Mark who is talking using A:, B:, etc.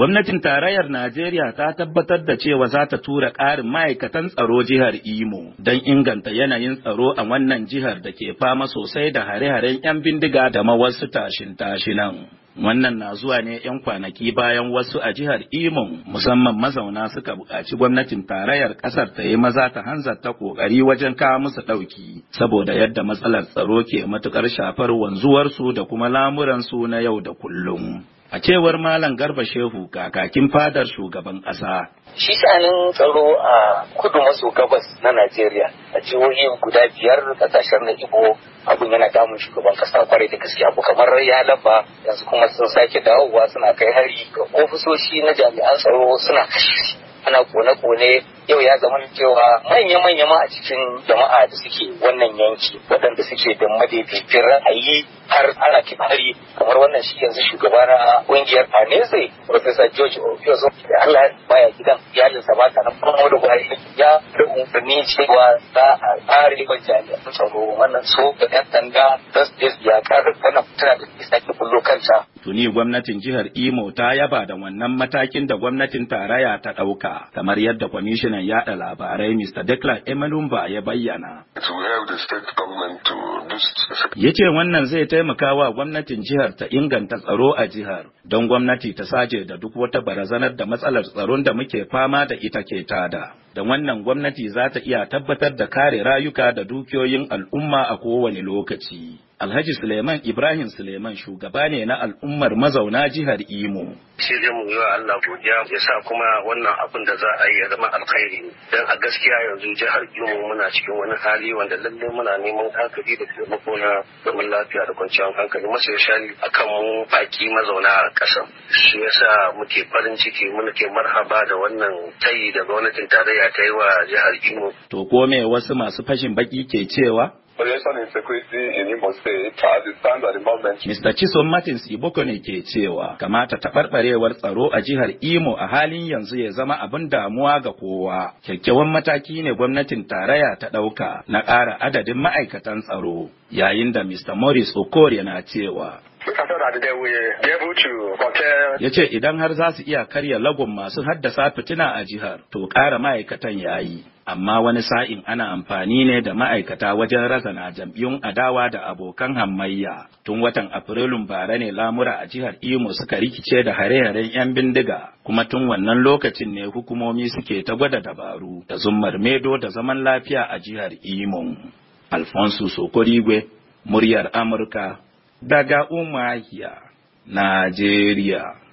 A: Gwamnatin tarayyar Najeriya ta tabbatar da cewa za ta tura ƙarin ma'aikatan tsaro jihar Imo don inganta yanayin tsaro a wannan jihar da ke fama sosai da hare-haren 'yan bindiga da mawasu tashin-tashinan. Wannan na zuwa ne 'yan kwanaki bayan wasu a jihar Imo musamman mazauna suka buƙaci gwamnatin tarayyar ƙasar ta yi maza ta hanzarta ƙoƙari wajen kawo musu ɗauki saboda yadda matsalar tsaro ke matuƙar shafar wanzuwarsu da kuma lamuransu na yau da kullum. A cewar Malam Garba Shehu kakakin fadar shugaban ƙasa. Shi sanin tsaro a kudu maso gabas na Najeriya a jihohi guda biyar ƙasashen na ibo abin yana damun shugaban kasa, kwarai da gaske abu kamar ya lamba yanzu kuma sun sake dawowa suna kai hari ga ofisoshi na jami'an tsaro suna kashe ana kone-kone yau ya zama cewa manya-manya ma a cikin jama'a da suke wannan yanki waɗanda suke da madaidaitun ra'ayi har ana kibari kamar wannan shi yanzu shugaba na ƙungiyar Anese Professor George da Allah baya gidan iyalinsa ba ta nan kuma da gwari ya da umarni cewa za a tsare wa jami'an tsaro wannan so da 'yan sanda ya karar tana da isa Tuni gwamnatin jihar Imo ta yaba da wannan matakin da gwamnatin tarayya ta ɗauka, kamar yadda kwamishinan yaɗa labarai Mr. Declan Emelumba ya bayyana. yace wannan zai taimaka wa gwamnatin jihar ta inganta tsaro a jihar, don gwamnati ta saje da duk wata barazanar da matsalar tsaron da muke fama da ita ke tada. Da wannan gwamnati za ta iya tabbatar da kare rayuka da dukiyoyin al'umma a kowane lokaci. Alhaji Suleiman Ibrahim Suleiman shugaba ne na al'ummar mazauna jihar Imo. Sai dai mu yiwa Allah godiya ya sa kuma wannan abin da za a yi ya zama alkhairi dan a gaskiya yanzu jihar Imo muna cikin wani hali wanda lalle muna neman hankali da taimako na zaman lafiya da kwanciyar hankali masu shani akan mu baki mazauna ƙasar. Shi sa muke farin ciki muna ke marhaba da wannan tayi da gwamnatin tarayya ta yi wa jihar Imo. To ko wasu masu fashin baki ke cewa? security in in State the Mr. Chisom Martins Iboko ne ke cewa kamata taɓarɓarewar tsaro a jihar Imo a halin yanzu ya zama abin damuwa ga kowa. Kyakkyawan mataki ne gwamnatin tarayya ta ɗauka na ƙara adadin ma'aikatan tsaro yayin da Mr. Morris Okori na cewa Ya ce idan har za su iya karya lagun masu haddasa fitina a jihar, to ƙara ma'aikatan yayi. amma wani sa'in ana amfani ne da ma'aikata wajen razana jam'iyyun adawa da abokan hamayya tun watan afrilun bara ne lamura a jihar imo suka rikice da hare-haren 'yan bindiga kuma tun wannan lokacin ne hukumomi suke ta gwada dabaru da zummar medo da zaman lafiya a jihar imo alfonso sokorigwe muryar amurka daga umahiya najeriya